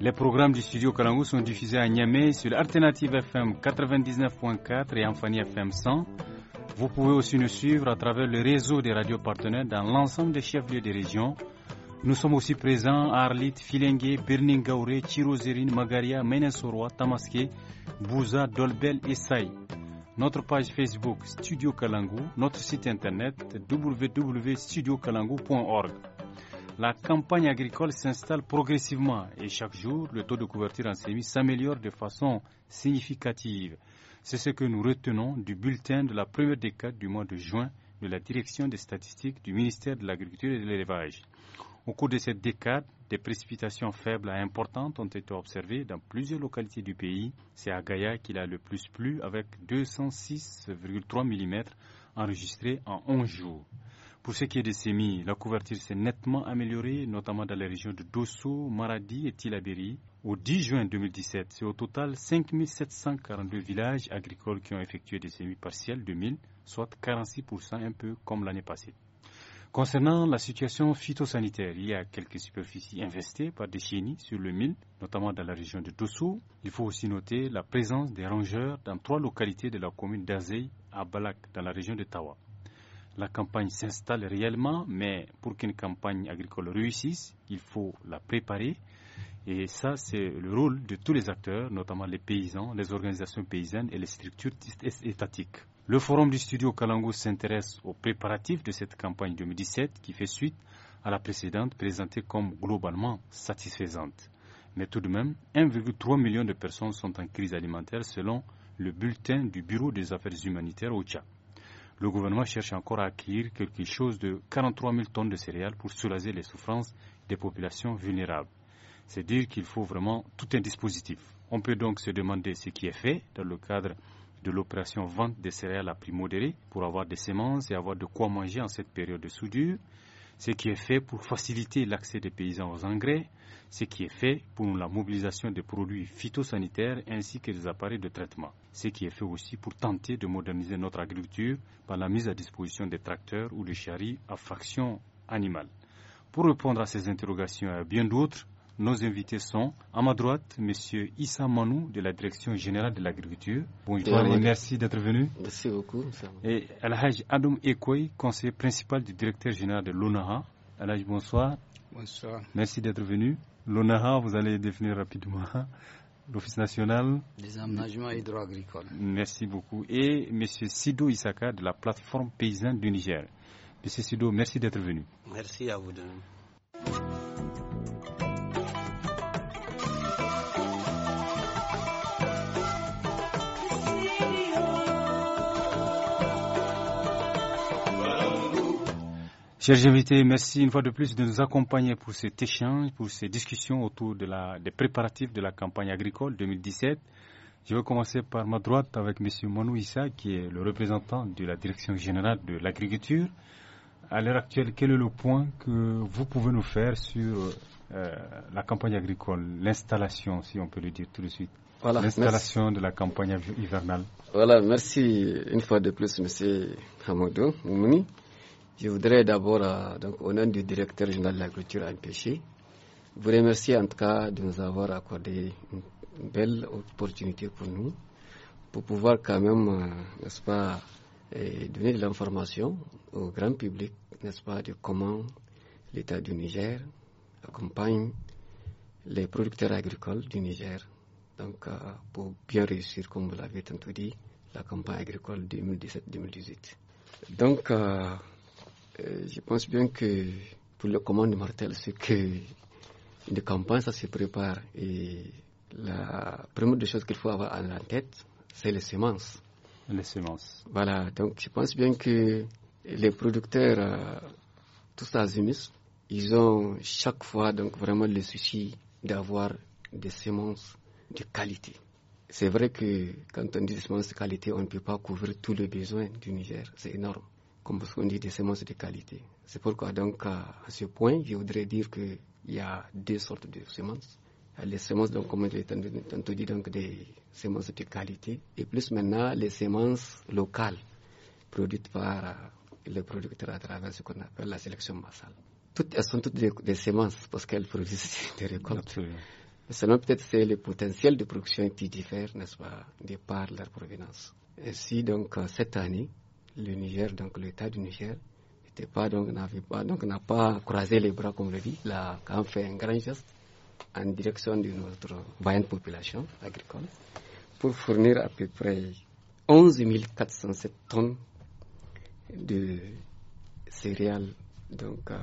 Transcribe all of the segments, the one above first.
Les programmes du studio Kalangu sont diffusés à Niamey sur Alternative FM 99.4 et Amphani FM 100. Vous pouvez aussi nous suivre à travers le réseau des radios partenaires dans l'ensemble des chefs-lieux des régions. Nous sommes aussi présents à Arlit, Filengue, Birningaure, Chirozerine, Magaria, Menesoroa, Tamaské, Bouza, Dolbel et Saï. Notre page Facebook Studio Kalangu, notre site internet www.studiokalangu.org la campagne agricole s'installe progressivement et chaque jour, le taux de couverture en semis s'améliore de façon significative. C'est ce que nous retenons du bulletin de la première décade du mois de juin de la Direction des statistiques du ministère de l'Agriculture et de l'Élevage. Au cours de cette décade, des précipitations faibles à importantes ont été observées dans plusieurs localités du pays. C'est à Gaïa qu'il a le plus plu avec 206,3 mm enregistrés en 11 jours. Pour ce qui est des semis, la couverture s'est nettement améliorée, notamment dans les régions de Dosso, Maradi et Tilaberi. Au 10 juin 2017, c'est au total 5742 villages agricoles qui ont effectué des semis partiels 2000, soit 46%, un peu comme l'année passée. Concernant la situation phytosanitaire, il y a quelques superficies investies par des chenilles sur le mille, notamment dans la région de Dosso. Il faut aussi noter la présence des rongeurs dans trois localités de la commune d'Azey à Balak, dans la région de Tawa la campagne s'installe réellement, mais pour qu'une campagne agricole réussisse, il faut la préparer. Et ça, c'est le rôle de tous les acteurs, notamment les paysans, les organisations paysannes et les structures étatiques. Le forum du studio Kalango s'intéresse aux préparatifs de cette campagne 2017 qui fait suite à la précédente présentée comme globalement satisfaisante. Mais tout de même, 1,3 million de personnes sont en crise alimentaire selon le bulletin du Bureau des affaires humanitaires au Tchad le gouvernement cherche encore à acquérir quelque chose de 43 000 tonnes de céréales pour soulager les souffrances des populations vulnérables. C'est dire qu'il faut vraiment tout un dispositif. On peut donc se demander ce qui est fait dans le cadre de l'opération vente des céréales à prix modéré pour avoir des semences et avoir de quoi manger en cette période de soudure, ce qui est fait pour faciliter l'accès des paysans aux engrais, ce qui est fait pour la mobilisation des produits phytosanitaires ainsi que des appareils de traitement, ce qui est fait aussi pour tenter de moderniser notre agriculture par la mise à disposition des tracteurs ou des charries à fraction animale. Pour répondre à ces interrogations et à bien d'autres, nos invités sont, à ma droite, M. Issa Manou de la Direction générale de l'agriculture. Bonjour et merci d'être venu. Merci beaucoup. Et Alhaj Adam Ekoy, conseiller principal du directeur général de l'ONAHA. Alhaj, bonsoir. Bonsoir. Merci d'être venu. L'ONARA, vous allez définir rapidement l'Office national des aménagements hydro-agricoles. Merci beaucoup. Et M. Sido Isaka de la plateforme paysanne du Niger. M. Sido, merci d'être venu. Merci à vous deux. Chers invités, merci une fois de plus de nous accompagner pour cet échange, pour ces discussions autour de la, des préparatifs de la campagne agricole 2017. Je vais commencer par ma droite avec M. Manou Issa, qui est le représentant de la Direction générale de l'agriculture. À l'heure actuelle, quel est le point que vous pouvez nous faire sur euh, la campagne agricole, l'installation, si on peut le dire tout de suite L'installation de la campagne hivernale. Voilà, merci une fois de plus, M. Hamadou Mouni. Je voudrais d'abord, euh, donc, au nom du directeur général de l'agriculture vous remercier en tout cas de nous avoir accordé une belle opportunité pour nous, pour pouvoir quand même, euh, n'est-ce pas, euh, donner de l'information au grand public, n'est-ce pas, de comment l'État du Niger accompagne les producteurs agricoles du Niger. Donc, pour bien réussir, comme vous l'avez tantôt dit, la campagne agricole 2017-2018. Donc, euh, je pense bien que pour le commande mortel, c'est que une campagne, ça se prépare. Et la première des choses qu'il faut avoir en tête, c'est les semences. Les semences. Voilà, donc je pense bien que les producteurs, euh, tous tous azimuts, ils ont chaque fois donc vraiment le souci d'avoir des semences de qualité. C'est vrai que quand on dit semences de qualité, on ne peut pas couvrir tous les besoins du Niger, c'est énorme comme on dit, des semences de qualité. C'est pourquoi, donc, à ce point, je voudrais dire qu'il y a deux sortes de semences. les semences, donc, comme on donc, des semences de qualité, et plus maintenant, les semences locales produites par les producteurs à travers ce qu'on appelle la sélection massale. Toutes, elles sont toutes des, semences parce qu'elles produisent des récoltes. Seulement, peut-être, c'est le potentiel de production qui diffère, n'est-ce pas, de par leur provenance. Ainsi, donc, cette année, le Niger, donc l'État du Niger, n'était pas, donc n'avait pas, donc n'a pas croisé les bras, comme le dit, il a fait un grand geste en direction de notre moyenne population agricole pour fournir à peu près 11 407 tonnes de céréales, donc euh,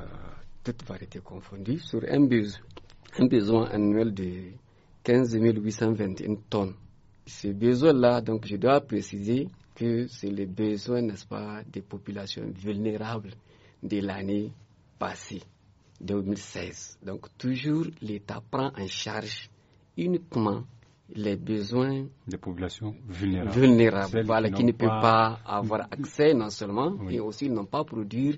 toutes variétés confondues, sur un besoin, un besoin annuel de 15 821 tonnes. Ce besoin-là, donc je dois préciser, que c'est les besoins, n'est-ce pas, des populations vulnérables de l'année passée, 2016. Donc toujours l'État prend en charge uniquement les besoins des populations vulnérables, qui, ne peuvent pas... avoir accès non seulement, mais aussi n'ont pas produire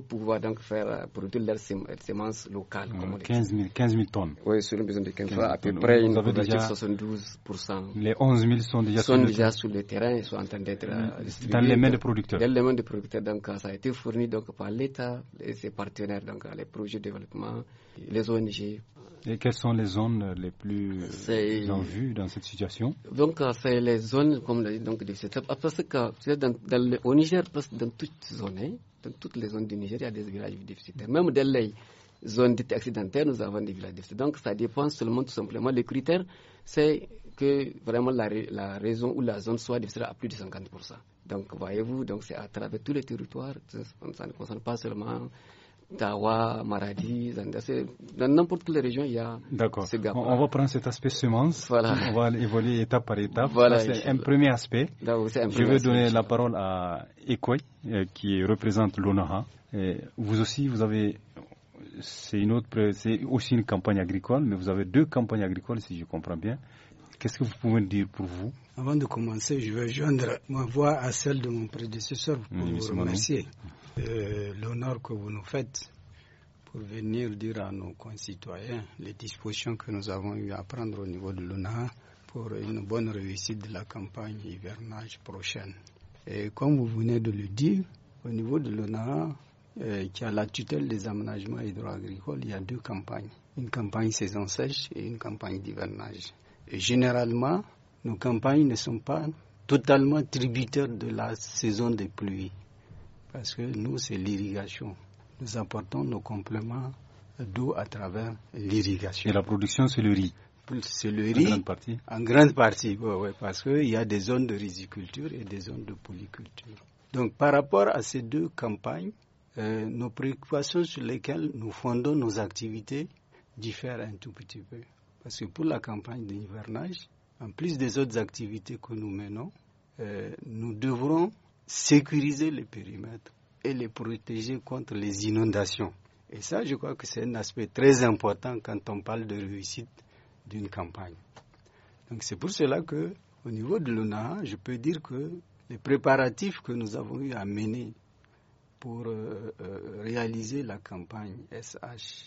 pour pouvoir donc faire euh, produire leurs semences locales. comme 15, 000, euh, tonnes. Oui, sur une besoin de 15, 000 à peu près une 72 Les 11 000 sont déjà, sont sur, le... terrain, ils sont en train d'être dans euh, les mains des producteurs. Dans les mains des producteurs, donc ça a été fourni donc par l'État et ses partenaires, donc les projets de développement, les ONG. Et quelles sont les zones les plus en vue dans cette situation Donc, c'est les zones, comme l'a dit, donc, de cette... Ah, parce que, dans, dans le, au Niger, parce que dans dans toutes les zones du Nigeria, il y a des villages déficitaires. Même dans les zones dites accidentaires, nous avons des villages déficitaires. Donc ça dépend seulement tout simplement. Le critère, c'est que vraiment la, la raison ou la zone soit déficitaire à plus de 50%. Donc voyez-vous, donc c'est à travers tous les territoires, ça ne concerne pas seulement Tawa, Maradi, dans n'importe quelle région, il y a D'accord. On, va prendre cet aspect semence. On va évoluer étape par étape. Voilà, c'est un premier aspect. Je vais donner la parole à Ekoy, euh, qui représente l'ONAHA. Vous aussi, vous avez. C'est une autre, c'est aussi une campagne agricole, mais vous avez deux campagnes agricoles, si je comprends bien. Qu'est-ce que vous pouvez dire pour vous Avant de commencer, je vais joindre ma voix à celle de mon prédécesseur pour vous remercier de l'honneur que vous nous faites pour venir dire à nos concitoyens les dispositions que nous avons eu à prendre au niveau de l'ONA pour une bonne réussite de la campagne hivernage prochaine. Et comme vous venez de le dire, au niveau de l'ONA, euh, qui a la tutelle des aménagements hydro-agricoles, il y a deux campagnes. Une campagne saison sèche et une campagne d'hivernage généralement, nos campagnes ne sont pas totalement tributaires de la saison des pluies. Parce que nous, c'est l'irrigation. Nous apportons nos compléments d'eau à travers l'irrigation. Et la production, c'est le riz C'est le riz. En grande partie En grande partie, oui, parce qu'il y a des zones de riziculture et des zones de polyculture. Donc, par rapport à ces deux campagnes, euh, nos préoccupations sur lesquelles nous fondons nos activités diffèrent un tout petit peu. Parce que pour la campagne d'hivernage, en plus des autres activités que nous menons, euh, nous devrons sécuriser les périmètres et les protéger contre les inondations. Et ça, je crois que c'est un aspect très important quand on parle de réussite d'une campagne. Donc c'est pour cela que, au niveau de l'UNA, je peux dire que les préparatifs que nous avons eu à mener pour euh, euh, réaliser la campagne SH,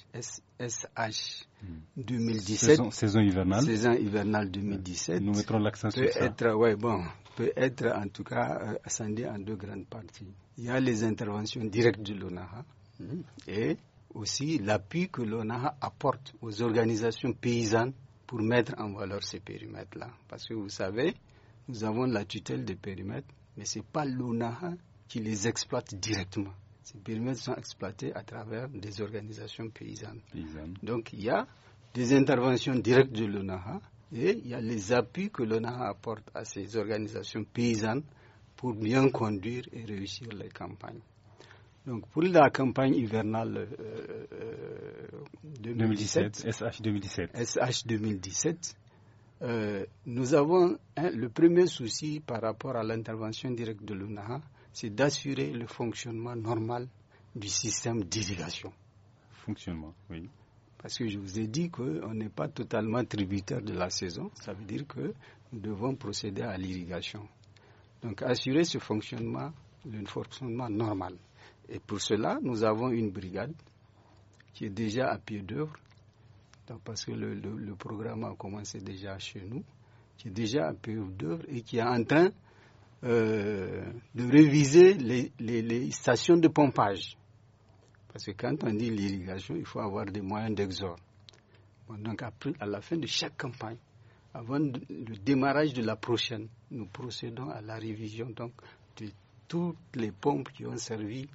2017. Hmm. Saison, hivernale. Saison hivernale 2017. Nous mettrons l'accent sur ça. Être, ouais, bon, peut être en tout cas euh, en deux grandes parties. Il y a les interventions directes de l'ONAHA hmm, et aussi l'appui que l'ONAHA apporte aux organisations paysannes pour mettre en valeur ces périmètres-là. Parce que vous savez, nous avons la tutelle des périmètres, mais ce n'est pas l'ONAHA qui les exploitent directement. Ces périmètres sont exploités à travers des organisations paysannes. Donc il y a des interventions directes de l'ONAHA et il y a les appuis que l'ONAHA apporte à ces organisations paysannes pour bien conduire et réussir les campagnes. Donc pour la campagne hivernale 2017, SH 2017, SH 2017, euh, nous avons hein, le premier souci par rapport à l'intervention directe de l'UNAHA, c'est d'assurer le fonctionnement normal du système d'irrigation. Fonctionnement, oui. Parce que je vous ai dit qu'on n'est pas totalement tributaire de la saison, ça veut dire que nous devons procéder à l'irrigation. Donc assurer ce fonctionnement, le fonctionnement normal. Et pour cela, nous avons une brigade qui est déjà à pied d'œuvre parce que le, programme a commencé déjà chez nous, qui est déjà un peu d'œuvre et qui est en train euh, de réviser les, stations de pompage. Parce que quand on dit l'irrigation, il faut avoir des moyens d'exor. donc à la fin de chaque campagne, avant le démarrage de la prochaine, nous procédons à la révision donc, de toutes les pompes qui ont servi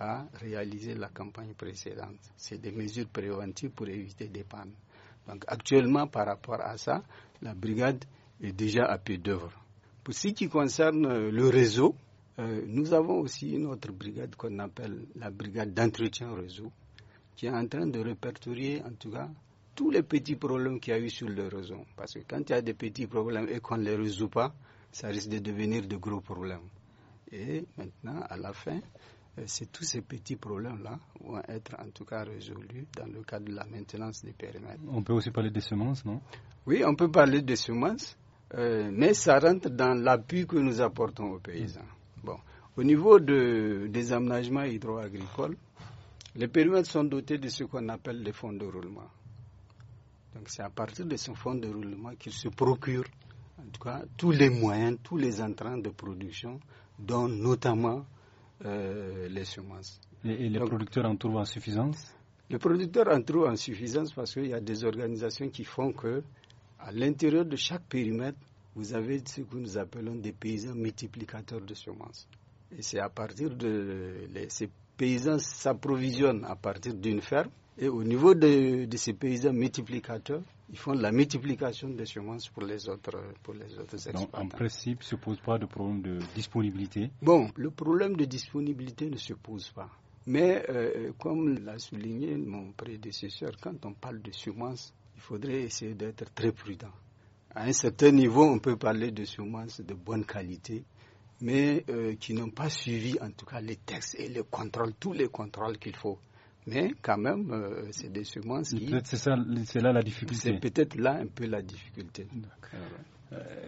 à réaliser la campagne précédente. C'est des mesures préventives pour éviter des pannes. Donc actuellement, par rapport à ça, la brigade est déjà à pied d'œuvre. Pour ce qui concerne euh, le réseau, euh, nous avons aussi une autre brigade qu'on appelle la brigade d'entretien réseau, qui est en train de répertorier en tout cas tous les petits problèmes qu'il y a eu sur le réseau. Parce que quand il y a des petits problèmes et qu'on ne les résout pas, ça risque de devenir de gros problèmes. Et maintenant, à la fin, euh, c'est tous ces petits problèmes-là vont être en tout cas résolus dans le cadre de la maintenance des périmètres. On peut aussi parler des semences, non Oui, on peut parler des semences, euh, mais ça rentre dans l'appui que nous apportons aux paysans. Mm. Bon. Au niveau de, des aménagements hydro-agricoles, les périmètres sont dotés de ce qu'on appelle les fonds de roulement. Donc c'est à partir de ce fonds de roulement qu'ils se procurent, en tout cas, tous les moyens, tous les entrants de production, dont notamment euh, les semences. Et, les producteurs en trouvent en suffisance Les producteurs en trouvent en suffisance parce qu'il y a des organisations qui font que, à l'intérieur de chaque périmètre, vous avez ce que nous appelons des paysans multiplicateurs de semences. Et c'est à partir de. ces paysans s'approvisionnent à partir d'une ferme et au niveau de, ces paysans multiplicateurs, ils font la multiplication des semences pour les autres, pour les autres Donc, en principe, il ne se pose pas de problème de disponibilité Bon, le problème de disponibilité ne se pose pas. Mais euh, comme l'a souligné mon prédécesseur, quand on parle de semences, il faudrait essayer d'être très prudent. À un certain niveau, on peut parler de semences de bonne qualité, mais euh, qui n'ont pas suivi en tout cas les textes et les contrôles, tous les contrôles qu'il faut. Mais quand même, euh, c'est des semences c'est là la difficulté. C'est peut-être là un peu la difficulté.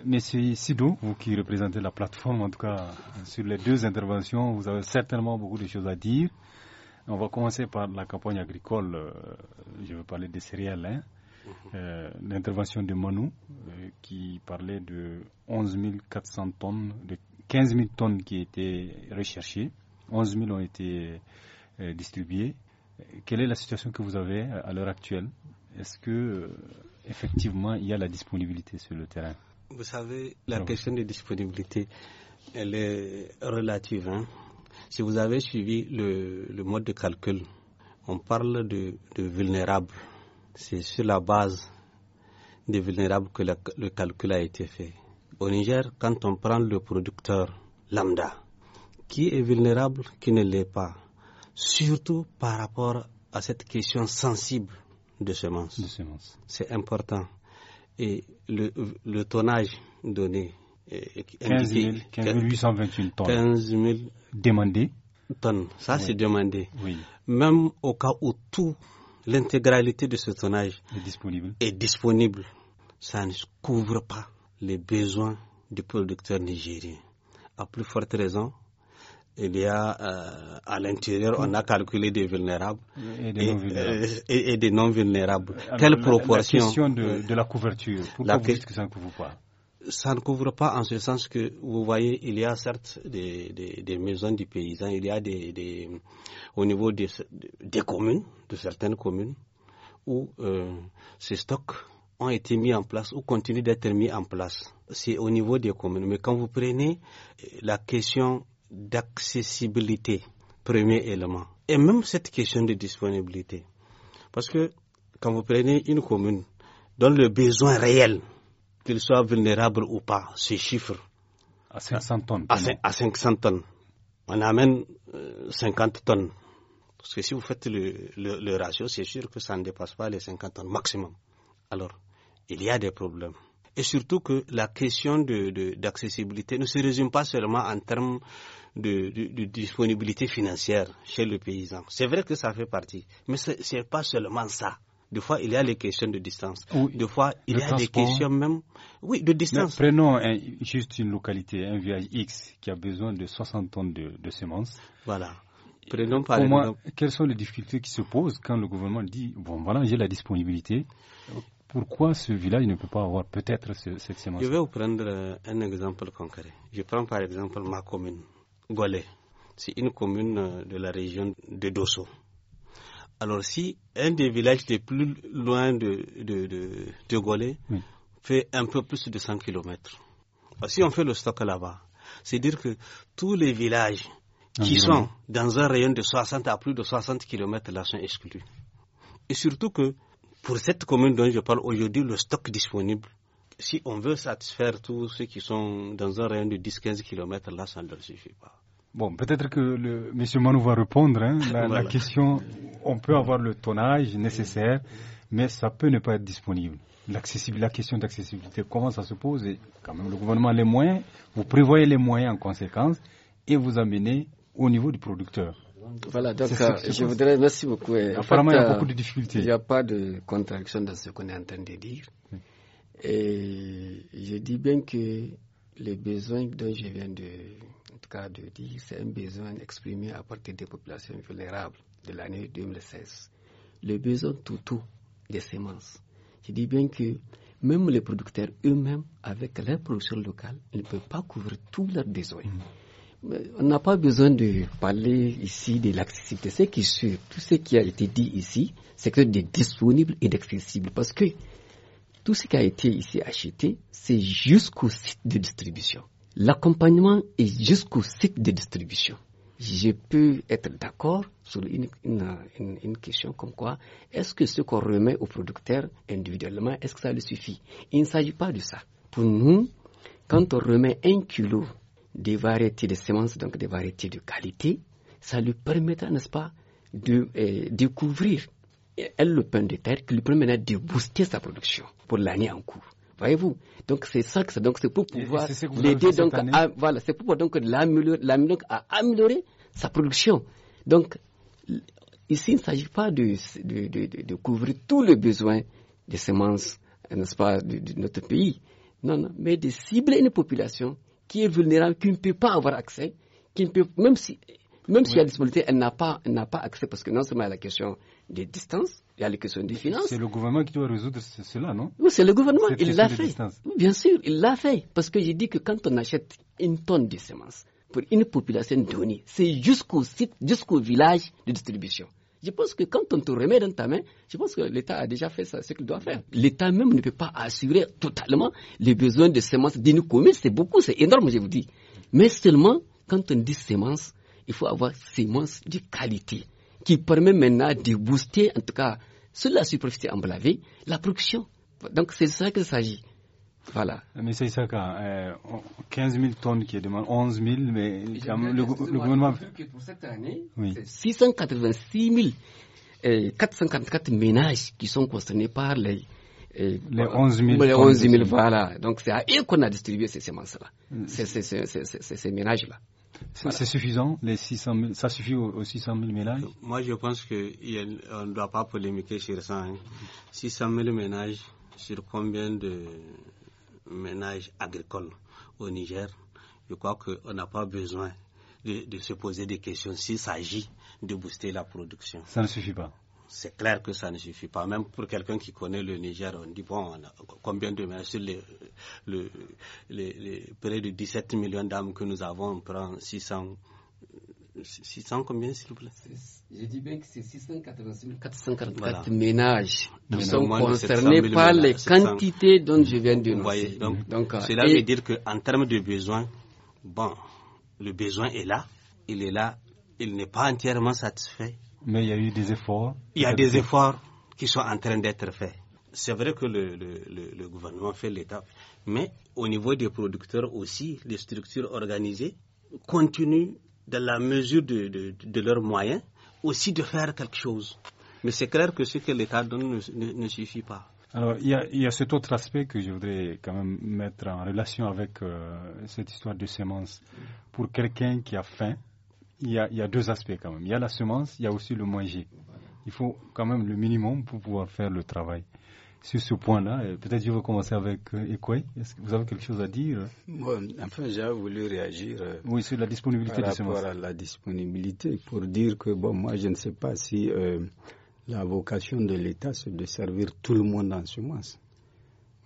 Monsieur euh, Sido, vous qui représentez la plateforme, en tout cas euh, sur les deux interventions, vous avez certainement beaucoup de choses à dire. On va commencer par la campagne agricole. Je veux parler des céréales. Hein. Mhm. L'intervention de Manu, qui parlait de 11 400 tonnes, de 15 000 tonnes qui étaient recherchées. 11 000 ont été distribuées. Quelle est la situation que vous avez à l'heure actuelle Est-ce que euh, effectivement il y a la disponibilité sur le terrain Vous savez, la question de disponibilité, elle est relative. Hein. si vous avez suivi le, mode de calcul, on parle de, vulnérables. C'est sur la base des vulnérables que le calcul a été fait. Au Niger, quand on prend le producteur lambda, qui est vulnérable, qui ne l'est pas surtout par rapport à cette question sensible de semences. semences. C'est important. Et le, tonnage donné, 15, 821 tonnes. 15 000 demandées. Tonnes, ça c'est demandé. Oui. Même au cas où tout, l'intégralité de ce tonnage est disponible. est disponible, ça ne couvre pas les besoins du producteur nigérien. À plus forte raison, il y a euh, à l'intérieur, on a calculé des vulnérables et des non-vulnérables. Euh, Quelle proportion question de, la couverture, pourquoi la, vous que ça ne couvre pas ça ne couvre pas en ce sens que, vous voyez, il y a certes des, des, des maisons du paysan, il y a des, des au niveau des, des, communes, de certaines communes, où euh, ces stocks ont été mis en place ou continuent d'être mis en place. C'est au niveau des communes. Mais quand vous prenez la question d'accessibilité, premier élément. Et même cette question de disponibilité. Parce que quand vous prenez une commune dont le besoin réel, qu'il soit vulnérable ou pas, ces chiffre à 500 tonnes. À, 500 tonnes. On amène 50 euh, tonnes. Parce que si vous faites le, le ratio, c'est sûr que ça ne dépasse pas les 50 tonnes maximum. Alors, il y a des problèmes et surtout que la question d'accessibilité de, d'accessibilité ne se résume pas seulement en termes de, disponibilité financière chez le paysan. C'est vrai que ça fait partie, mais ce n'est pas seulement ça. Des fois, il y a les questions de distance. Des fois, il y a des questions même oui, de distance. prenons juste une localité, un village X qui a besoin de 60 tonnes de, semences. Voilà. Prenons par exemple. Quelles sont les difficultés qui se posent quand le gouvernement dit Bon, voilà, j'ai la disponibilité. Pourquoi ce village ne peut pas avoir peut-être cette semence Je vais vous prendre euh, un exemple concret. Je prends par exemple ma commune, Golé. C'est une commune euh, de la région de Dosso. Alors si un des villages les plus loin de, de, de, fait un peu plus de 100 km, ah, si on fait le stock là-bas, c'est dire que tous les villages qui sont dans un rayon de 60 à plus de 60 km là sont exclus. Et surtout que pour cette commune dont je parle aujourd'hui, le stock disponible, si on veut satisfaire tous ceux qui sont dans un rayon de 10-15 km, là, ça ne leur suffit pas. Bon, peut-être que le, M. Manou va répondre. Hein, la, question, on peut avoir le tonnage nécessaire, mais ça peut ne pas être disponible. La question d'accessibilité, comment ça se pose quand même, le gouvernement a les moyens, vous prévoyez les moyens en conséquence et vous amenez au niveau du producteur voilà, donc euh, je voudrais, merci beaucoup. il y a beaucoup de difficultés. Il n'y a pas de contradiction dans ce qu'on est en train de dire. Et je dis bien que les besoins dont je viens de, cas de dire, c'est un besoin exprimé à partir des populations vulnérables de l'année 2016. Le besoin tout, tout des semences. Je dis bien que même les producteurs eux-mêmes, avec leur production locale, ne peuvent pas couvrir tous leurs besoins. Mm. Euh, on n'a pas besoin de parler ici de l'accessibilité. Ce qui tout ce qui a été dit ici, c'est que de disponible et d'accessible. Parce que tout ce qui a été ici acheté, c'est jusqu'au site de distribution. L'accompagnement est jusqu'au site de distribution. Je peux être d'accord sur une, question comme quoi, est-ce que ce qu'on remet au producteur individuellement, est-ce que ça le suffit Il ne s'agit pas de ça. Pour nous, quand on remet un kilo des variétés de semences, donc des variétés de qualité, ça lui permettra, n'est-ce pas, de euh, découvrir, elle, le pain de terre, qui lui permettra de booster sa production pour l'année en cours. Voyez-vous Donc c'est ça que c'est. Donc c'est pour pouvoir l'aider donc à, voilà, c'est pour pouvoir donc l'améliorer, à améliorer sa production. Donc ici, il ne s'agit pas de, de, de, couvrir tous les besoins des semences, n'est-ce pas, de, de notre pays. Non, non, mais de cibler une population qui est vulnérable, qui ne peut pas avoir accès, qui ne peut, même si, même s'il a disponibilité, elle n'a pas, accès parce que non seulement il y a la question des distances, il y a la question des finances. C'est le gouvernement qui doit résoudre cela, non Oui, c'est le gouvernement. il l'a fait. bien sûr, il l'a fait parce que j'ai dit que quand on achète une tonne de semences pour une population donnée, c'est jusqu'au site, jusqu'au village de distribution. Je pense que quand on te remet dans ta main, je pense que l'État a déjà fait ce qu'il doit faire. L'État même ne peut pas assurer totalement les besoins de semences d'une commune. C'est beaucoup, c'est énorme, je vous dis. Mais seulement, quand on dit semences, il faut avoir semences de qualité qui permet maintenant de booster, en tout cas, sur la superficie emblavée, la production. Donc, c'est ça qu'il s'agit. Voilà. Mais c'est ça, euh, 15 000 tonnes qui est demandé, 11 000, mais le, gouvernement. pour cette année, oui. 686 454 euh, ménages qui sont concernés par les. Euh, les 11 000. voilà. Donc c'est à eux qu'on a distribué ces semences-là, mm. ces ménages-là. C'est suffisant les 600 000, Ça suffit aux, 600 000 ménages Moi, je pense qu'on ne doit pas polémiquer sur ça. 600 hein. 000 ménages sur combien de, ménage agricole au Niger, je crois qu'on n'a pas besoin de, se poser des questions s'il s'agit de booster la production. Ça ne suffit pas. C'est clair que ça ne suffit pas. Même pour quelqu'un qui connaît le Niger, on dit, bon, combien de ménages sur les, près de 17 millions d'âmes que nous avons, on prend 600 600 combien, s'il vous plaît Je dis bien que c'est 686 ménages qui sont concernés par les quantités dont je viens de nous donc, euh, cela veut dire qu'en termes de besoin, bon, le besoin est là, il est là, il n'est pas entièrement satisfait. Mais il y a eu des efforts Il y a des efforts qui sont en train d'être faits. C'est vrai que le gouvernement fait l'étape, mais au niveau des producteurs aussi, les structures organisées continuent dans la mesure de, de, leurs moyens, aussi de faire quelque chose. Mais c'est clair que ce que l'État donne ne, ne, suffit pas. Alors, il y, a, il y, a, cet autre aspect que je voudrais quand même mettre en relation avec euh, cette histoire de semences. Pour quelqu'un qui a faim, il y a, il y a, deux aspects quand même. Il y a la semence, il y a aussi le manger. Il faut quand même le minimum pour pouvoir faire le travail sur ce point-là. Euh, peut-être je veux commencer avec euh, Ekoué. Est-ce que vous avez quelque chose à dire euh? bon, Enfin, j'ai voulu réagir. Oui, sur la disponibilité par à la disponibilité, pour dire que, bon, moi, je ne sais pas si la vocation de l'État, c'est de servir tout le monde en semence.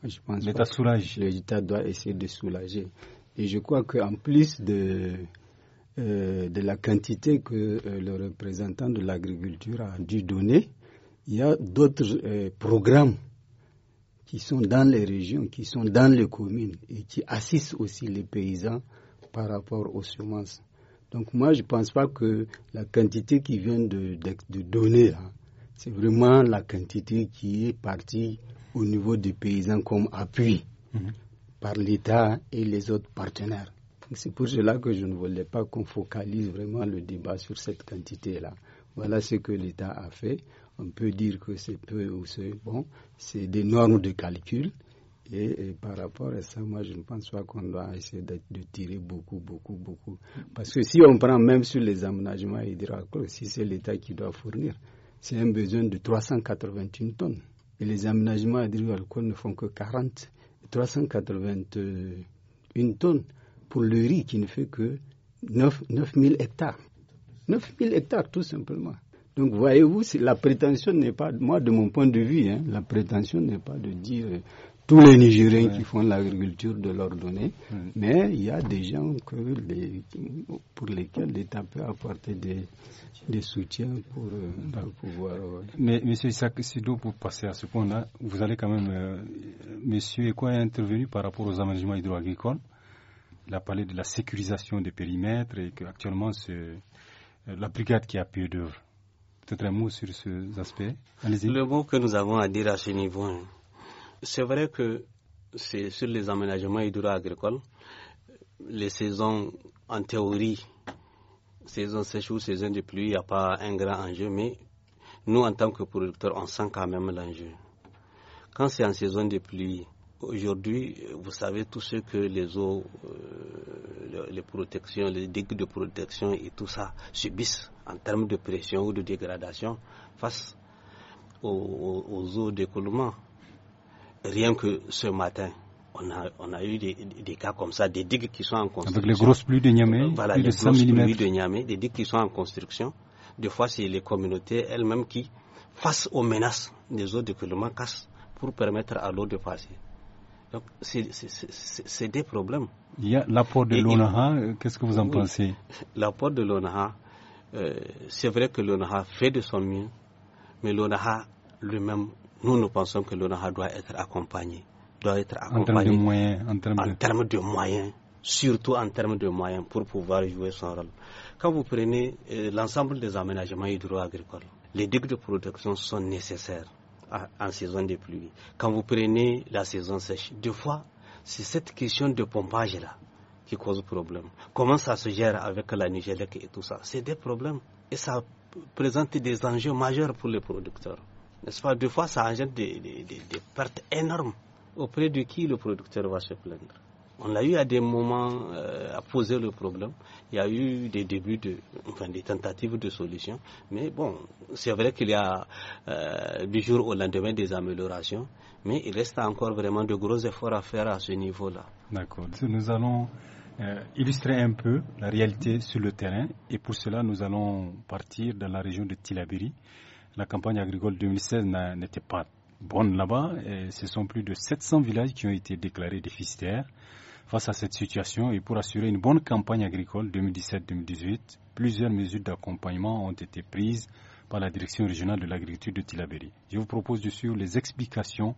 Je pense L'État soulage. L'État doit essayer de soulager. Et je crois qu'en plus de, de la quantité que le représentant de l'agriculture a dû donner, il y a d'autres programmes qui sont dans les régions, qui sont dans les communes et qui assistent aussi les paysans par rapport aux semences. Donc moi, je ne pense pas que la quantité qui vient de, donner, c'est vraiment la quantité qui est partie au niveau des paysans comme appui mhm. par l'État et les autres partenaires. C'est pour cela que je ne voulais pas qu'on focalise vraiment le débat sur cette quantité-là. Voilà ce que l'État a fait on peut dire que c'est peu ou c'est bon, c'est des normes de calcul. Et, par rapport à ça, moi, je ne pense pas qu'on doit essayer de, tirer beaucoup, beaucoup, beaucoup. Parce que si on prend même sur les aménagements hydrauliques, si c'est l'État qui doit fournir, c'est un besoin de 381 tonnes. Et les aménagements hydrauliques ne font que 40, 381 tonnes pour le riz qui ne fait que 9, 9000 hectares. 9000 hectares, tout simplement. Donc voyez-vous, la prétention n'est pas, moi de mon point de vue, hein, la prétention n'est pas de dire euh, tous les Nigériens qui font l'agriculture de leur donner, mais il y a des gens que pour lesquels l'État peut apporter des, des soutiens pour, euh, pouvoir. Euh, mais Monsieur Isaac Sido, pour passer à ce point-là, vous allez quand même, Monsieur Eko est intervenu par rapport aux aménagements hydro-agricoles. Il a parlé de la sécurisation des périmètres et qu'actuellement c'est la brigade qui a pied d'œuvre peut-être mot sur ces aspect Le mot que nous avons à dire à ce niveau, hein, c'est vrai que c'est sur les aménagements hydro-agricoles, les saisons en théorie, saison sèche ou saison de pluie, il n'y a pas un grand enjeu, mais nous, en tant que producteurs, on sent quand même l'enjeu. Quand c'est en saison de pluie, aujourd'hui, vous savez tout ce que les eaux, euh, les protections, les digues de protection et tout ça subissent en termes de pression ou de dégradation face aux, eaux d'écoulement. Rien que ce matin, on a, on a eu des, cas comme ça, des digues qui sont en construction. Avec les grosses pluies de Niamey, euh, voilà, de mm. de Niamey, des digues qui sont en construction. Des fois, c'est les communautés elles-mêmes qui, face aux menaces des eaux d'écoulement, cassent pour permettre à l'eau de passer. Donc, c'est des problèmes. Il y a l'apport de l'ONAHA, qu'est-ce que vous en pensez L'apport de l'ONAHA, euh, c'est vrai que l'ONAHA fait de son mieux, mais l'ONAHA lui-même, nous, nous pensons que l'ONAHA doit être accompagné. Doit être accompagné en termes de moyens. surtout en termes de moyens pour pouvoir jouer son rôle. Quand vous prenez euh, l'ensemble des aménagements hydro-agricoles, les digues de production sont nécessaires en saison de pluie. Quand vous prenez la saison sèche, deux fois, c'est cette question de pompage-là qui causent problème. Comment ça se gère avec la Nigélec et tout ça C'est des problèmes et ça présente des enjeux majeurs pour les producteurs. N'est-ce pas fois, ça engendre des, pertes énormes auprès de qui le producteur va se plaindre. On a eu à des moments euh, à poser le problème. Il y a eu des débuts de, enfin, des tentatives de solutions. Mais bon, c'est vrai qu'il y a euh, du jour au lendemain des améliorations. Mais il reste encore vraiment de gros efforts à faire à ce niveau-là. D'accord. Nous allons euh, illustrer un peu la réalité sur le terrain. Et pour cela, nous allons partir dans la région de Tilabiri. La campagne agricole 2016 n'était pas bonne là-bas. Ce sont plus de 700 villages qui ont été déclarés déficitaires. Face à cette situation et pour assurer une bonne campagne agricole 2017-2018, plusieurs mesures d'accompagnement ont été prises par la direction régionale de l'agriculture de Tilaberi. Je vous propose de suivre les explications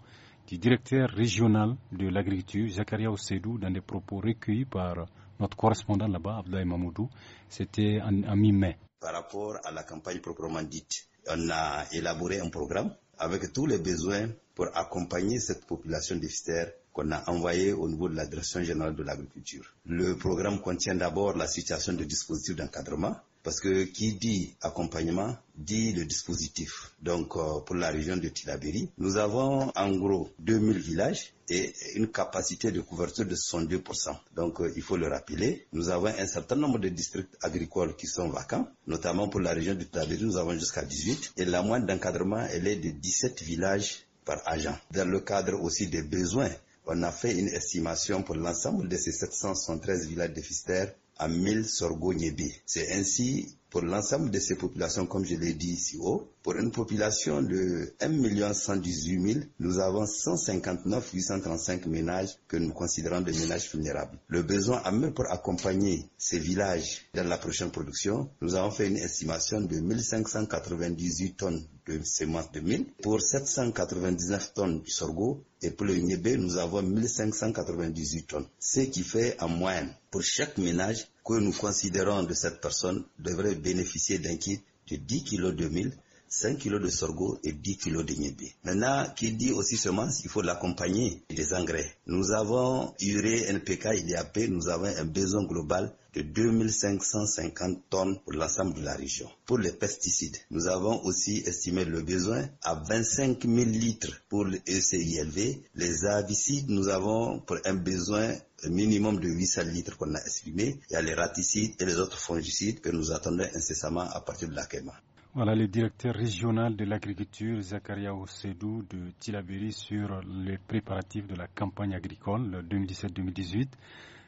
du directeur régional de l'agriculture, Zakaria Ossedou, dans des propos recueillis par notre correspondant là-bas, Abdoulaye Mamoudou. C'était en, mi-mai. Par rapport à la campagne proprement dite, on a élaboré un programme avec tous les besoins pour accompagner cette population déficitaire qu'on a envoyée au niveau de la Direction générale de l'agriculture. Le programme contient d'abord la situation de dispositif d'encadrement, parce que qui dit accompagnement dit le dispositif. Donc euh, pour la région de Tilaberi, nous avons en gros 2000 villages et une capacité de couverture de 102%. Donc euh, il faut le rappeler, nous avons un certain nombre de districts agricoles qui sont vacants, notamment pour la région de Tilaberi, nous avons jusqu'à 18 et la moyenne d'encadrement elle est de 17 villages par agent. Dans le cadre aussi des besoins, on a fait une estimation pour l'ensemble de ces 713 villages déficitaires à 1000 sorgho nyebi. C'est ainsi pour l'ensemble de ces populations, comme je l'ai dit ici haut, pour une population de 1 118 000, nous avons 159 835 ménages que nous considérons des ménages vulnérables. Le besoin à même pour accompagner ces villages dans la prochaine production, nous avons fait une estimation de 1598 tonnes de semences de mil pour 799 tonnes du sorgho et pour le niébé, nous avons 1598 tonnes. Ce qui fait en moyenne pour chaque ménage que nous considérons de cette personne devrait bénéficier d'un kit de 10 kg de mil, 5 kg de sorgho et 10 kg de niébé. Maintenant, qui dit aussi semence, il faut l'accompagner des engrais. Nous avons urée, NPK, IDAP, nous avons un besoin global de 2550 tonnes pour l'ensemble de la région. Pour les pesticides, nous avons aussi estimé le besoin à 25 000 litres pour le ECILV. Les herbicides, nous avons pour un besoin minimum de 800 litres qu'on a estimé. Il y a les raticides et les autres fongicides que nous attendons incessamment à partir de la Kéma. Voilà le directeur régional de l'agriculture, Zakaria Ossédou, de Tilaberi, sur les préparatifs de la campagne agricole 2017-2018.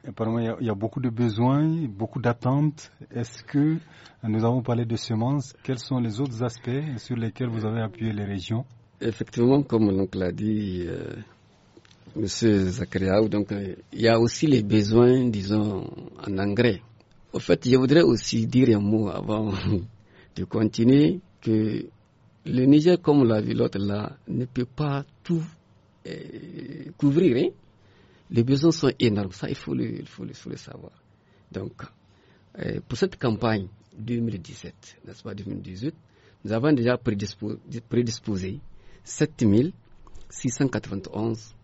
Apparemment, il y, a, beaucoup de besoins, beaucoup d'attentes. Est-ce que nous avons parlé de semences Quels sont les autres aspects sur lesquels vous avez appuyé les régions Effectivement, comme l'a dit euh, M. Zakaria, donc, euh, il y a aussi les besoins, disons, en engrais. En fait, je voudrais aussi dire un mot avant de continuer que le Niger, comme l'a vu l'autre là, ne peut pas tout euh, couvrir. Hein. Les besoins sont énormes, ça il faut le, il faut le, savoir. Donc, euh, pour cette campagne 2017, n'est-ce pas, 2018, nous avons déjà prédisposé, prédisposé 7691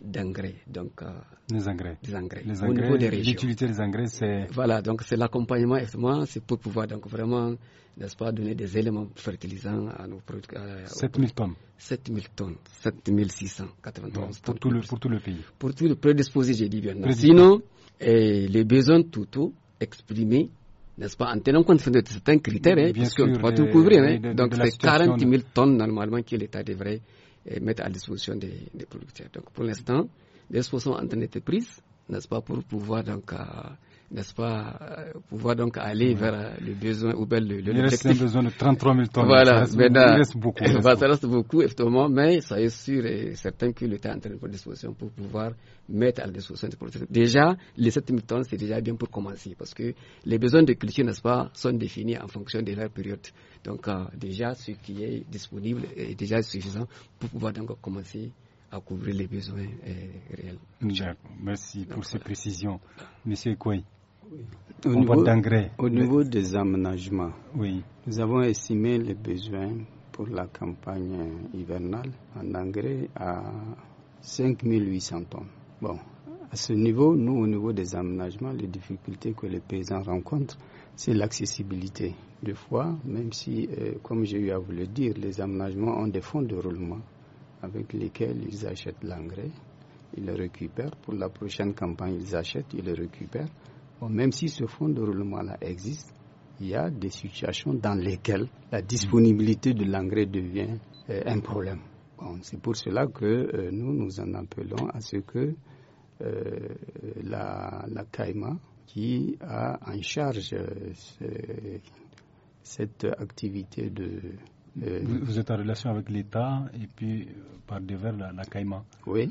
d'engrais. Donc, euh, les engrais. Les engrais. Au niveau des régions. L'utilité des engrais, c'est. Voilà, donc c'est l'accompagnement, effectivement, c'est pour pouvoir donc vraiment, n'est-ce pas, donner des éléments fertilisants à nos produits. 7000 tonnes. 7000 tonnes, 7691 tonnes. Pour tout, le, pour tout le pays. Pour tout le prédisposé, j'ai dit bien. Sinon, et les besoins tout exprimés n'est-ce pas, en tenant compte de certains critères, hein, parce ne peut tout couvrir. Hein. Donc, c'est 40 000 tonnes normalement est l'État vrais et mettre à disposition des, producteurs. Donc pour l'instant, des dispositions ont été prises, n'est-ce pas, pour pouvoir donc euh, n'est-ce pas, euh, pouvoir donc aller vers euh, le besoin ou vers le, le Il reste un besoin de 33 000 tonnes. Voilà, ça reste, il reste beaucoup. Il reste beaucoup. Ça reste beaucoup, effectivement, mais ça est sûr et certain que l'État est en train de prendre disposition pour pouvoir mettre à disposition des producteurs. Déjà, les 7 000 tonnes, c'est déjà bien pour commencer parce que les besoins de culture, n'est-ce pas, sont définis en fonction de leur période. Donc, euh, déjà, ce qui est disponible est déjà suffisant pour pouvoir donc commencer à couvrir les besoins réels. Merci pour ces précisions. Monsieur Kouy. Au niveau, des aménagements, oui. nous avons estimé les besoins pour la campagne hivernale en engrais à 5800 tonnes. Bon, à ce niveau, nous, au niveau des aménagements, les difficultés que les paysans rencontrent, c'est l'accessibilité. Des fois, même si, euh, comme j'ai eu à vous le dire, les aménagements ont des fonds de roulement avec lesquels ils achètent l'engrais, ils le récupèrent. Pour la prochaine campagne, ils achètent, ils le récupèrent même si ce fonds de roulement-là existe, il y a des situations dans lesquelles la disponibilité de l'engrais devient euh, un problème. c'est pour cela que euh, nous, nous en appelons à ce que euh, la, CAIMA, qui a en charge cette activité de... Vous, êtes en relation avec l'État et puis par devers la, la CAIMA. Oui,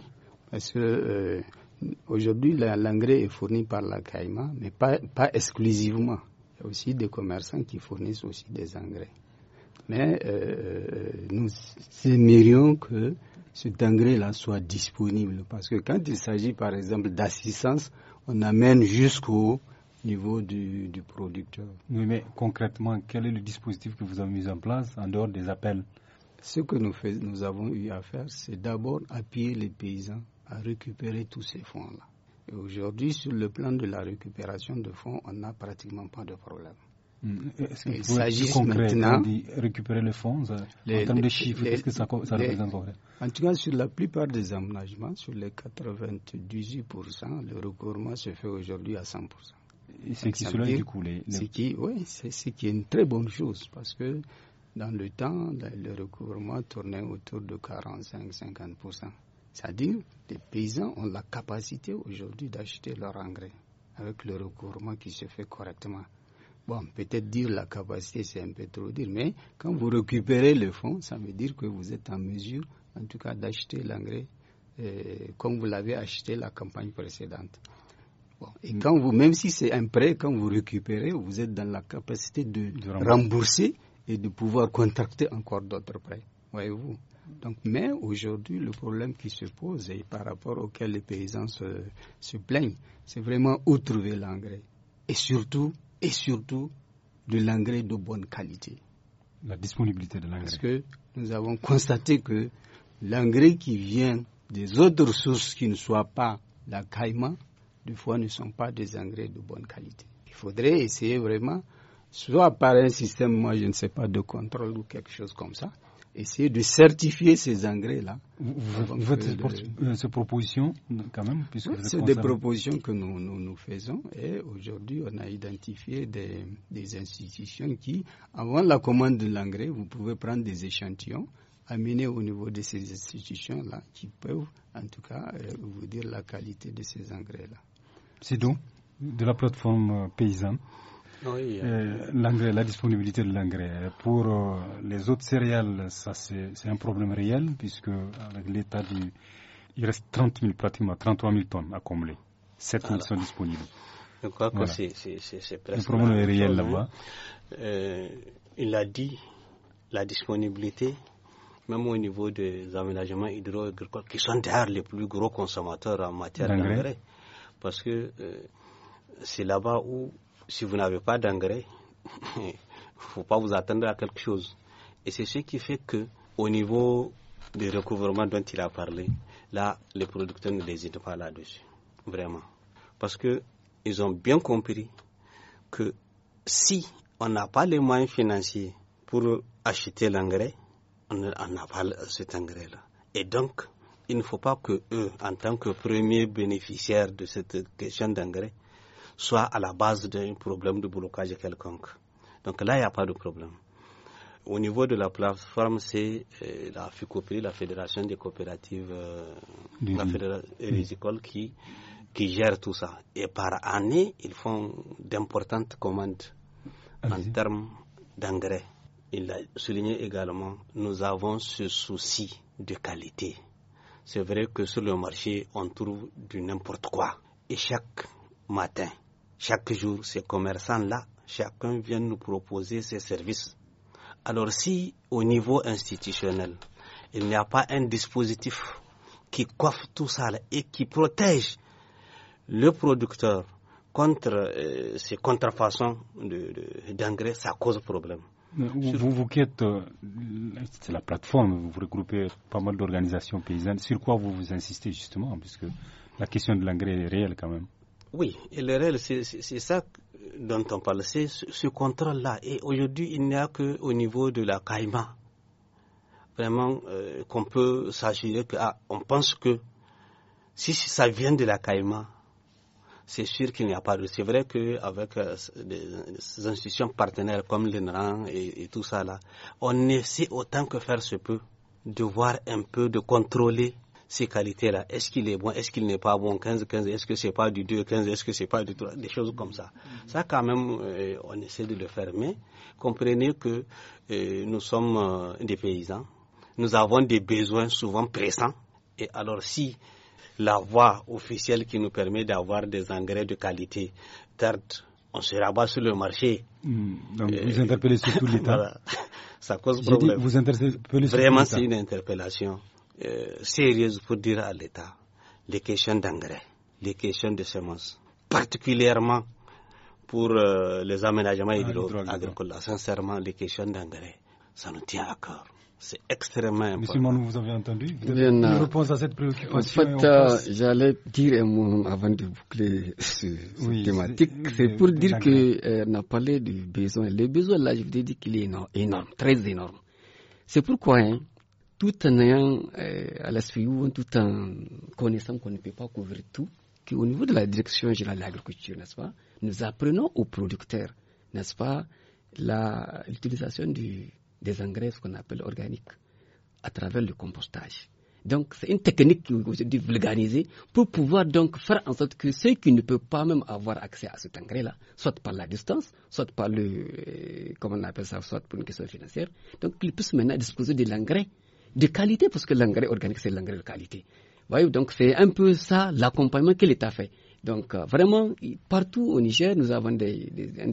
parce que Aujourd'hui, l'engrais est fourni par la caïma, mais pas, exclusivement. Il y a aussi des commerçants qui fournissent aussi des engrais. Mais euh, euh, nous aimerions que cet engrais-là soit disponible. Parce que quand il s'agit, par exemple, d'assistance, on amène jusqu'au niveau du, producteur. mais concrètement, quel est le dispositif que vous avez mis en place en dehors des appels Ce que nous avons eu à faire, c'est d'abord appuyer les paysans à récupérer tous ces fonds-là. Et aujourd'hui, sur le plan de la récupération de fonds, on n'a pratiquement pas de problème. Hmm. Est-ce qu'il s'agit maintenant de récupérer les fonds en termes de chiffres Qu'est-ce que ça, ça les, représente En tout cas, sur la plupart des aménagements, sur les 98%, le recouvrement se fait aujourd'hui à 100%. Et qui cela du coup les. qui, oui, c'est ce qui est une très bonne chose parce que dans le temps, le recouvrement tournait autour de 45-50%. C'est-à-dire, les paysans ont la capacité aujourd'hui d'acheter leur engrais avec le recouvrement qui se fait correctement. Bon, peut-être dire la capacité, c'est un peu trop dire, mais quand vous récupérez le fonds, ça veut dire que vous êtes en mesure, en tout cas, d'acheter l'engrais euh, comme vous l'avez acheté la campagne précédente. et mm. quand vous, même si c'est un prêt, quand vous récupérez, vous êtes dans la capacité de, rembourser. et de pouvoir contracter encore d'autres prêts. Voyez-vous mais aujourd'hui, le problème qui se pose et par rapport auquel les paysans se, plaignent, c'est vraiment où trouver l'engrais. Et surtout, et surtout, de l'engrais de bonne qualité. La disponibilité de l'engrais. Parce que nous avons constaté que l'engrais qui vient des autres sources qui ne soient pas la caïma, des fois ne sont pas des engrais de bonne qualité. Il faudrait essayer vraiment, soit par un système, moi je ne sais pas, de contrôle ou quelque chose comme ça, essayer de certifier ces engrais-là. Vous, faites euh, ces propositions quand même C'est des propositions que nous, nous, faisons et aujourd'hui on a identifié des, des, institutions qui, avant la commande de l'engrais, vous pouvez prendre des échantillons amener au niveau de ces institutions-là qui peuvent en tout cas euh, vous dire la qualité de ces engrais-là. C'est donc de la plateforme euh, paysanne. Euh, la disponibilité de l'engrais. Pour euh, les autres céréales, ça c'est un problème réel puisque avec l'état du, il reste 30 000 pratiquement 33 000 tonnes à combler. 7 000 sont disponibles. Je crois que c'est presque. Le problème est réel là-bas. Hein. Euh, il a dit la disponibilité, même au niveau des aménagements hydro-agricoles, qui sont derrière les plus gros consommateurs en matière d'engrais. Parce que c'est là-bas où si vous n'avez pas d'engrais, il ne faut pas vous attendre à quelque chose. Et c'est ce qui fait que, au niveau du recouvrement dont il a parlé, là, les producteurs ne hésitent pas là-dessus. Vraiment. Parce qu'ils ont bien compris que si on n'a pas les moyens financiers pour acheter l'engrais, on n'a pas cet engrais-là. Et donc, il ne faut pas que eux, en tant que premiers bénéficiaires de cette question d'engrais, soit à la base d'un problème de blocage quelconque. Donc là, il n'y a pas de problème. Au niveau de la plateforme, c'est euh, la FUCOPRI, la Fédération des coopératives euh, la qui, qui gère tout ça. Et par année, ils font d'importantes commandes en termes d'engrais. Il a souligné également, nous avons ce souci de qualité. C'est vrai que sur le marché, on trouve du n'importe quoi. Et chaque matin, chaque jour, ces commerçants-là, chacun vient nous proposer ses services. Alors si au niveau institutionnel, il n'y a pas un dispositif qui coiffe tout ça et qui protège le producteur contre euh, ces contrefaçons d'engrais, ça cause problème. Vous, vous quittez euh, c'est la plateforme, vous regroupez pas mal d'organisations paysannes. Sur quoi vous vous insistez justement Puisque la question de l'engrais est réelle quand même. Oui, et le réel, c'est ça dont on parle, c'est ce, contrôle-là. Et aujourd'hui, il n'y a qu'au niveau de la caïma, vraiment, euh, qu'on peut s'agir. que, ah, on pense que si ça vient de la caïma, c'est sûr qu'il n'y a pas de. C'est vrai qu'avec avec euh, des institutions partenaires comme l'INRAN et, tout ça, là, on essaie autant que faire se peut de voir un peu, de contrôler ces qualités-là. Est-ce qu'il est bon, est-ce qu'il n'est pas bon, 15-15, est-ce que c'est pas du 2-15, est-ce que c'est pas du 3, des choses comme ça. Mm-hmm. Ça, quand même, euh, on essaie de le faire, mais comprenez que euh, nous sommes euh, des paysans, nous avons des besoins souvent pressants, et alors si la voie officielle qui nous permet d'avoir des engrais de qualité tarde, on se rabat sur le marché. Mm-hmm. donc vous interpellez surtout l'État. Ça cause problème. vous Vraiment, c'est une interpellation. Euh, sérieuse pour dire à l'État les questions d'engrais, les questions de semences, particulièrement pour euh, les aménagements ah, agricoles. Sincèrement, les questions d'engrais, ça nous tient à cœur. C'est extrêmement important. Monsieur Manou, vous avez entendu Vous avez une euh, réponse à cette préoccupation En fait, j'allais dire un mot avant de boucler ce, cette thématique. C'est pour dire qu'on a parlé du besoin. Le besoin, là, je vous ai dit qu'il est énorme, très énorme. C'est pourquoi hein, tout en ayant euh, à la tout en connaissant qu'on ne peut pas couvrir tout, qu'au niveau de la direction générale de l'agriculture, n'est-ce pas, nous apprenons aux producteurs, n'est-ce pas, l'utilisation des engrais, ce qu'on appelle organiques, à travers le compostage. Donc, c'est une technique qui est vulgarisée pour pouvoir donc faire en sorte que ceux qui ne peuvent pas même avoir accès à cet engrais-là, soit par la distance, soit par le, euh, comment on appelle ça, soit pour une question financière, donc qu'ils puissent maintenant disposer de l'engrais de qualité parce que l'engrais organique, c'est l'engrais de qualité. Voyez, donc c'est un peu ça l'accompagnement que l'État fait. Donc euh, vraiment, partout au Niger, nous avons des, des, un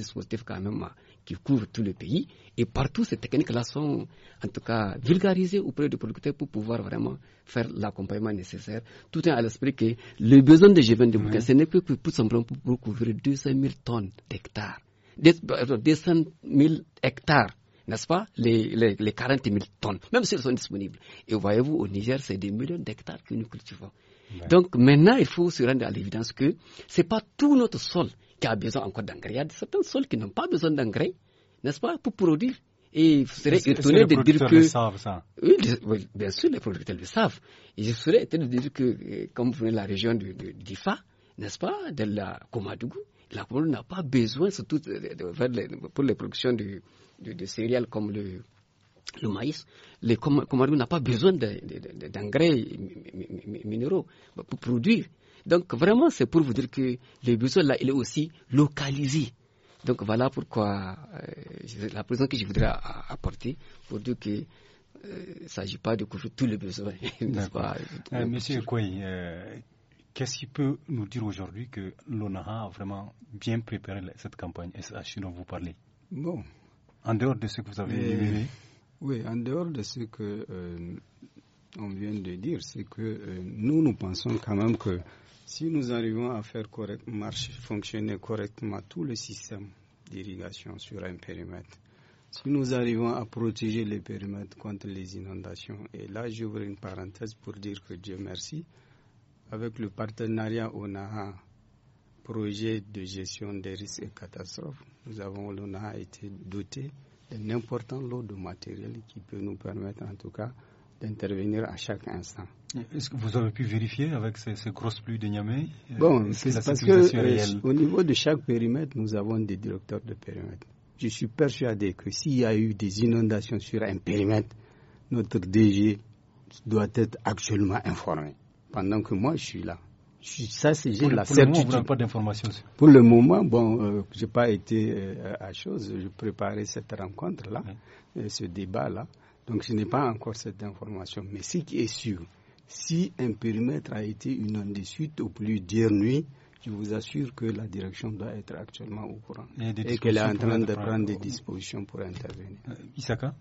quand même euh, qui couvrent tout le pays. Et partout, ces techniques-là sont en tout cas vulgarisées auprès des producteurs pour pouvoir vraiment faire l'accompagnement nécessaire. Tout en à l'esprit que le besoin des jeunes de Bouquin, ce n'est plus pour, pour, pour couvrir 200 000 tonnes d'hectares. 200 000 hectares n'est-ce pas, les, les, les 40 000 tonnes, même s'ils sont disponibles. Et voyez-vous, au Niger, c'est des millions d'hectares que nous cultivons. Donc maintenant, il faut se rendre à l'évidence que ce n'est pas tout notre sol qui a besoin encore d'engrais. Il y a certains sols qui n'ont pas besoin d'engrais, n'est-ce pas, pour produire. Et je serais étonné de dire que. savent, ça oui, bien sûr, les producteurs le savent. Et je serais étonné de dire que, euh, comme vous venez de la région d'Ifa, n'est-ce pas, de la Comadougou, la Cameroun n'a pas besoin, surtout pour les productions de, céréales comme le, le maïs, les Cameroun n'a pas besoin d'engrais minéraux pour produire. Donc vraiment, c'est pour vous dire que le besoin là, il est aussi localisé. Donc voilà pourquoi euh, la présence que je voudrais apporter pour dire que ne euh, s'agit pas de couvrir tous les besoins. Euh, monsieur Kouy, Qu'est-ce qui peut nous dire aujourd'hui que l'ONAHA a vraiment bien préparé cette campagne SH dont vous parlez Bon. En dehors de ce que vous avez dit, euh, Oui, en dehors de ce que euh, on vient de dire, c'est que euh, nous, nous pensons quand même que si nous arrivons à faire correct, fonctionner correctement tout le système d'irrigation sur un périmètre, si nous arrivons à protéger les périmètres contre les inondations, et là j'ouvre une parenthèse pour dire que Dieu merci, avec le partenariat ONAHA, projet de gestion des risques et catastrophes, nous avons, l'ONAHA été doté d'un important lot de matériel qui peut nous permettre en tout cas d'intervenir à chaque instant. Est-ce que vous avez pu vérifier avec ces, grosses pluies de Niamey euh, Bon, c'est parce que euh, au niveau de chaque périmètre, nous avons des directeurs de périmètre. Je suis persuadé que s'il y a eu des inondations sur un périmètre, notre DG doit être actuellement informé pendant que moi je suis là. Ça, c'est j'ai la pour certitude. Le moment, pas d'informations. Pour le moment, bon, n'ai euh, j'ai pas été euh, à chose. Je préparais cette rencontre là, euh, ce débat là. Donc je n'ai pas encore cette information. Mais ce qui est sûr, si un périmètre a été une de suite au plus d'hier nuit, je vous assure que la direction doit être actuellement au courant et, qu'elle est en train de prendre, des dispositions pour intervenir. Isaka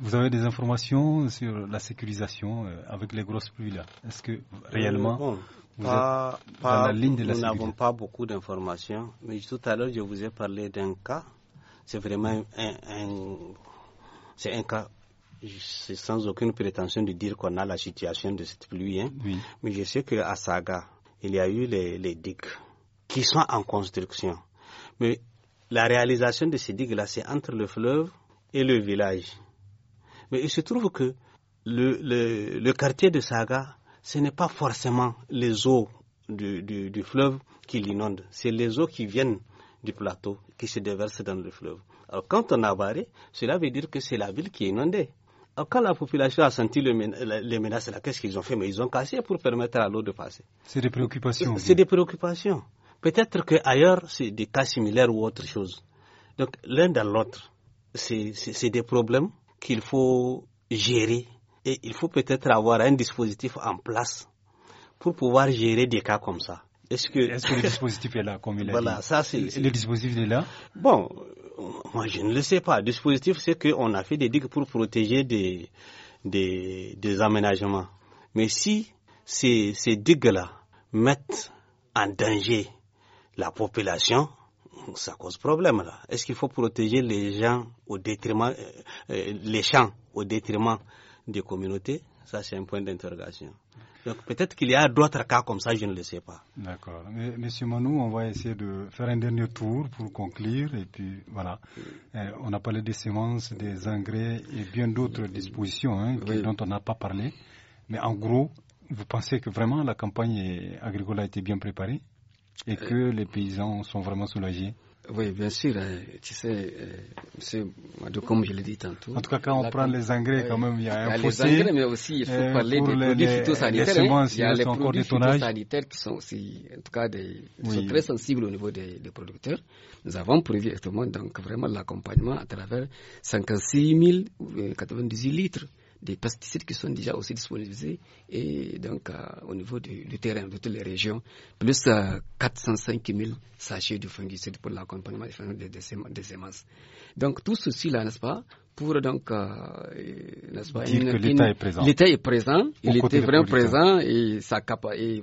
vous avez des informations sur la sécurisation euh, avec les grosses pluies là Est-ce que réellement euh, vous pas, êtes dans la ligne de la Nous n'avons pas beaucoup d'informations, mais tout à l'heure je vous ai parlé d'un cas. C'est vraiment un, c'est un cas sans aucune prétention de dire qu'on a la situation de cette pluie. Hein. Mais je sais qu'à Saga, il y a eu les, les, digues qui sont en construction. Mais la réalisation de ces digues-là, c'est entre le fleuve et le village. Mais il se trouve que le, quartier de Saga, ce n'est pas forcément les eaux du, du, fleuve qui l'inondent, c'est les eaux qui viennent du plateau qui se déversent dans le fleuve. Alors quand on a barré, cela veut dire que c'est la ville qui est inondée. Alors, quand la population a senti les menaces, qu'est-ce qu'ils ont fait Mais ils ont cassé pour permettre à l'eau de passer. C'est des préoccupations. C'est des préoccupations. Peut-être qu'ailleurs, c'est des cas similaires ou autre chose. Donc, l'un dans l'autre, c'est des problèmes qu'il faut gérer et il faut peut-être avoir un dispositif en place pour pouvoir gérer des cas comme ça. Est-ce que... le dispositif est là, comme il voilà, ça c'est... Le dispositif est là Bon, moi je ne le sais pas. Le dispositif, c'est qu'on a fait des digues pour protéger des, des, des aménagements. Mais si ces, ces digues-là mettent en danger la population, ça cause problème là. Est-ce qu'il faut protéger les gens au détriment, euh, euh, les champs au détriment des communautés Ça, c'est un point d'interrogation. Donc peut-être qu'il y a d'autres cas comme ça, je ne le sais pas. D'accord. Monsieur Manou, on va essayer de faire un dernier tour pour conclure. Et puis voilà, mm. euh, on a parlé des semences, des engrais et bien d'autres dispositions hein, dont on n'a pas parlé. Mais en gros, vous pensez que vraiment la campagne agricole a été bien préparée et que euh, les paysans sont vraiment soulagés oui, bien sûr. Hein. Tu sais, euh, monsieur comme je l'ai dit tantôt. En tout cas, quand on prend les engrais, quand même, il y a un fossé. Les engrais, mais aussi, il faut euh, parler des produits phytosanitaires. Hein. il y a les produits phytosanitaires qui sont aussi, en tout cas, des, sont très sensibles au niveau des, producteurs. Nous avons prévu exactement, donc, vraiment l'accompagnement à travers 56 098 litres des pesticides qui sont déjà aussi disponibles et donc euh, au niveau du, terrain de toutes les régions, plus 405 euh, 000 sachets de fongicides pour l'accompagnement des, semences. Donc tout ceci là, n'est-ce pas, pour donc, euh, n'est-ce pas, l'État est présent. L'État est présent, il était vraiment présent et, ça,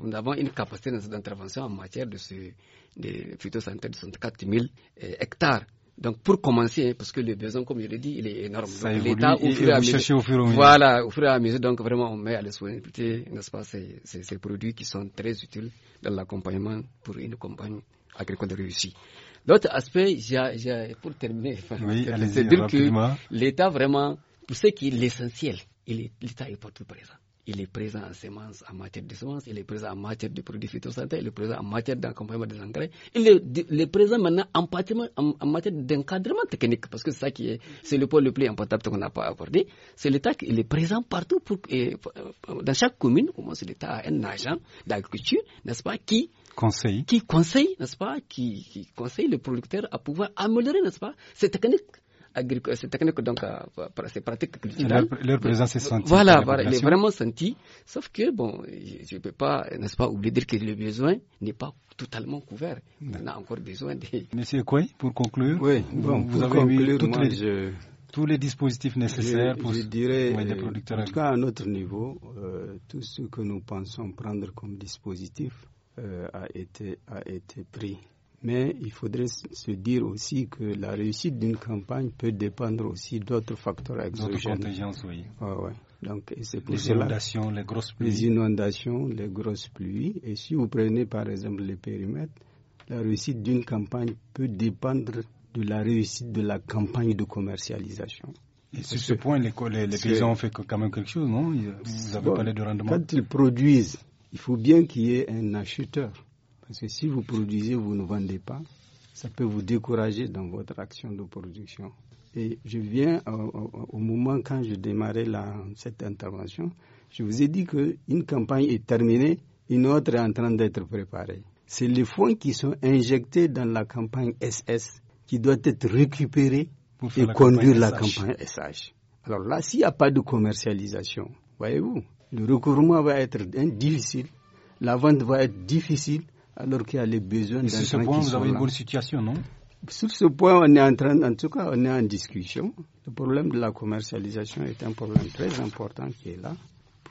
nous avons une capacité d'intervention en matière de ce phytosanitaires de 64 000 hectares. Donc pour commencer, hein, parce que le besoin, comme je l'ai dit, il est énorme. L'État au fur et à mesure. Voilà, au fur et à mesure. Donc vraiment, on met à la disponibilité, n'est-ce pas, ces, produits qui sont très utiles dans l'accompagnement pour une campagne agricole réussie. L'autre aspect, j'ai pour terminer, c'est c'est dire que l'État vraiment, pour ce qui est l'essentiel, l'État est partout présent il est présent en semences, en matière de semences, il est présent en matière de produits phytosanitaires, il est présent en matière d'accompagnement des engrais, il est, présent maintenant en, en matière d'encadrement technique, parce que c'est ça qui est, le point le plus important qu'on n'a pas abordé. C'est l'État qui est présent partout, pour, euh, dans chaque commune, comment c'est l'État un agent d'agriculture, n'est-ce pas, qui conseille, qui conseille, n'est-ce pas, qui, qui, conseille le producteur à pouvoir améliorer, n'est-ce pas, ces techniques agricole, c'est technique, donc euh, c'est pratique culturelle. Leur, leur présence est sentie. Voilà, voilà est vraiment sentie. Sauf que, bon, je ne peux pas, n'est-ce pas, oublier dire que le besoin n'est pas totalement couvert. On a encore besoin Monsieur Kouy, pour conclure. Oui, bon, vous avez mis les... tous les dispositifs nécessaires pour je dirais, les euh, En tout cas, à notre niveau, euh, tout ce que nous pensons prendre comme dispositif a, été, a été pris. Mais il faudrait se dire aussi que la réussite d'une campagne peut dépendre aussi d'autres facteurs exogènes. D'autres contingences, oui. Donc, les inondations, les grosses pluies. Les inondations, les grosses pluies. Et si vous prenez par exemple les périmètres, la réussite d'une campagne peut dépendre de la réussite de la campagne de commercialisation. Et sur ce point, les, paysans ont fait quand même quelque chose, non Vous avez parlé de rendement. Quand ils produisent, il faut bien qu'il y ait un acheteur. Parce que si vous produisez, vous ne vendez pas, ça peut vous décourager dans votre action de production. Et je viens au, moment quand je démarrais cette intervention, je vous ai dit qu'une campagne est terminée, une autre est en train d'être préparée. C'est les fonds qui sont injectés dans la campagne SS qui doit être récupéré Pour et conduire la campagne SH. Alors là, s'il n'y a pas de commercialisation, voyez-vous, le recouvrement va être difficile, la vente va être difficile, alors qu'il y a les besoins d'un Sur ce point, vous avez une bonne situation, non Sur ce point, on est en train, en tout cas, on est en discussion. Le problème de la commercialisation est un problème très important qui est là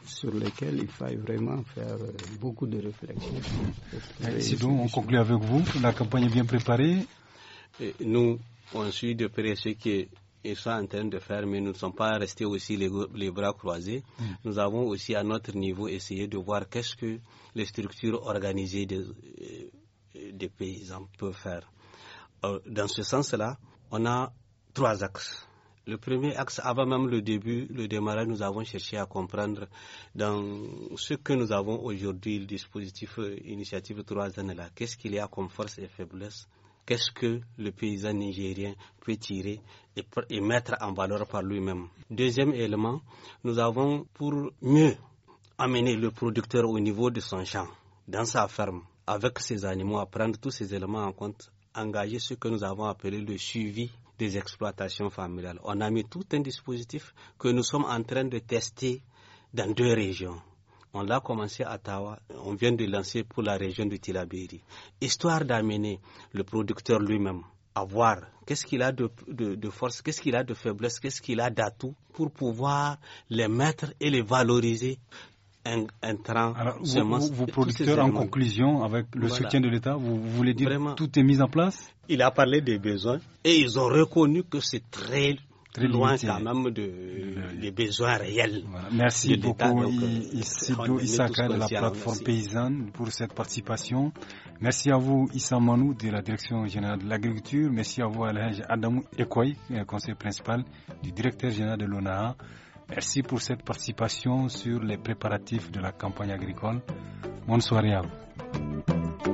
sur lequel il faille vraiment faire euh, beaucoup de réflexions. Eh, c'est donc, on conclut avec vous. La campagne est bien préparée. nous, on suit de près ce qui et sont en train de faire, mais nous ne sommes pas restés aussi les, bras croisés. Mm. Nous avons aussi à notre niveau essayé de voir qu'est-ce que les structures organisées euh, des, paysans peuvent faire. Euh, dans ce sens-là, on a trois axes. Le premier axe, avant même le début, le démarrage, nous avons cherché à comprendre dans ce que nous avons aujourd'hui, le dispositif euh, initiative trois années là, qu'est-ce qu'il y a comme force et faiblesse qu'est-ce que le paysan nigérien peut tirer et, mettre en valeur par lui-même. Deuxième élément, nous avons pour mieux amener le producteur au niveau de son champ, dans sa ferme, avec ses animaux, à prendre tous ces éléments en compte, engager ce que nous avons appelé le suivi des exploitations familiales. On a mis tout un dispositif que nous sommes en train de tester dans deux régions, on l'a commencé à Tawa, on vient de lancer pour la région de Tilabiri, histoire d'amener le producteur lui-même à voir qu'est-ce qu'il a de, force, qu'est-ce qu'il a de faiblesse, qu'est-ce qu'il a d'atout pour pouvoir les mettre et les valoriser. Un, un train, Alors, vous, vous, producteurs, en conclusion, avec le soutien de l'État, vous, voulez dire que tout est mis en place Il a parlé des besoins et ils ont reconnu que c'est très loin quand même de, des besoins réels. Merci beaucoup, Donc, euh, de la plateforme paysanne pour cette participation. Merci à vous, Issa Manou de la direction générale de l'agriculture. Merci à vous, Alain Adamou Ekoy, euh, conseiller principal du directeur général de l'ONAA. Merci pour cette participation sur les préparatifs de la campagne agricole. Bonne soirée à vous.